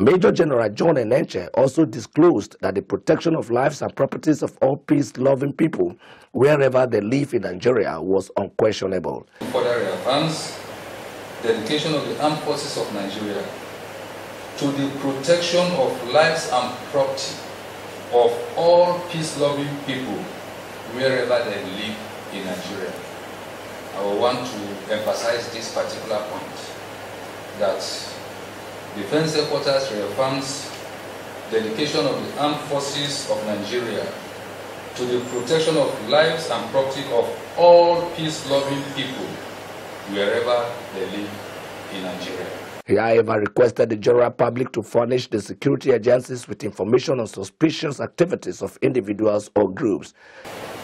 Major General John Enenche also disclosed that the protection of lives and properties of all peace-loving people wherever they live in Nigeria was unquestionable. Further advance dedication of the armed forces of Nigeria to the protection of lives and property of all peace-loving people wherever they live in Nigeria. I want to emphasize this particular point that Defense Headquarters reaffirms dedication of the armed forces of Nigeria to the protection of lives and property of all peace-loving people wherever they live in Nigeria. He, however, requested the general public to furnish the security agencies with information on suspicious activities of individuals or groups.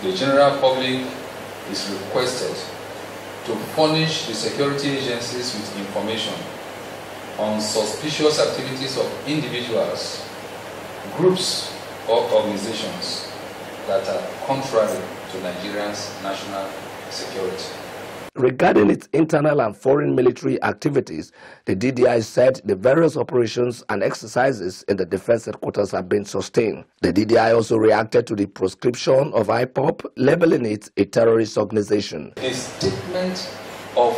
The general public is requested to furnish the security agencies with information on suspicious activities of individuals, groups, or organizations that are contrary to Nigeria's national security. Regarding its internal and foreign military activities, the DDI said the various operations and exercises in the defense headquarters have been sustained. The DDI also reacted to the proscription of IPOP, labeling it a terrorist organization. A statement of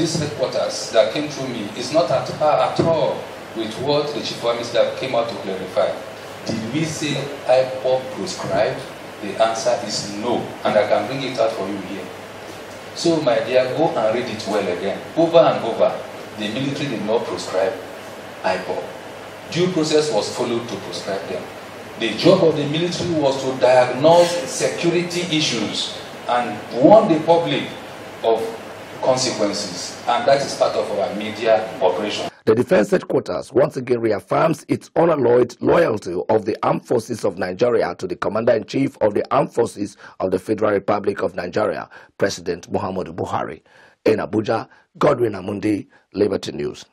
this headquarters that came to me is not at par at all with what the chief of minister came out to clarify. Did we say IPOP proscribed? The answer is no, and I can bring it out for you here. So, my dear, go and read it well again. Over and over, the military did not prescribe IPOP. Due process was followed to prescribe them. The job of the military was to diagnose security issues and warn the public of consequences, and that is part of our media operation. The Defense Headquarters once again reaffirms its unalloyed loyalty of the Armed Forces of Nigeria to the Commander-in-Chief of the Armed Forces of the Federal Republic of Nigeria, President Muhammad Buhari. In Abuja, Godwin Amundi, Liberty News.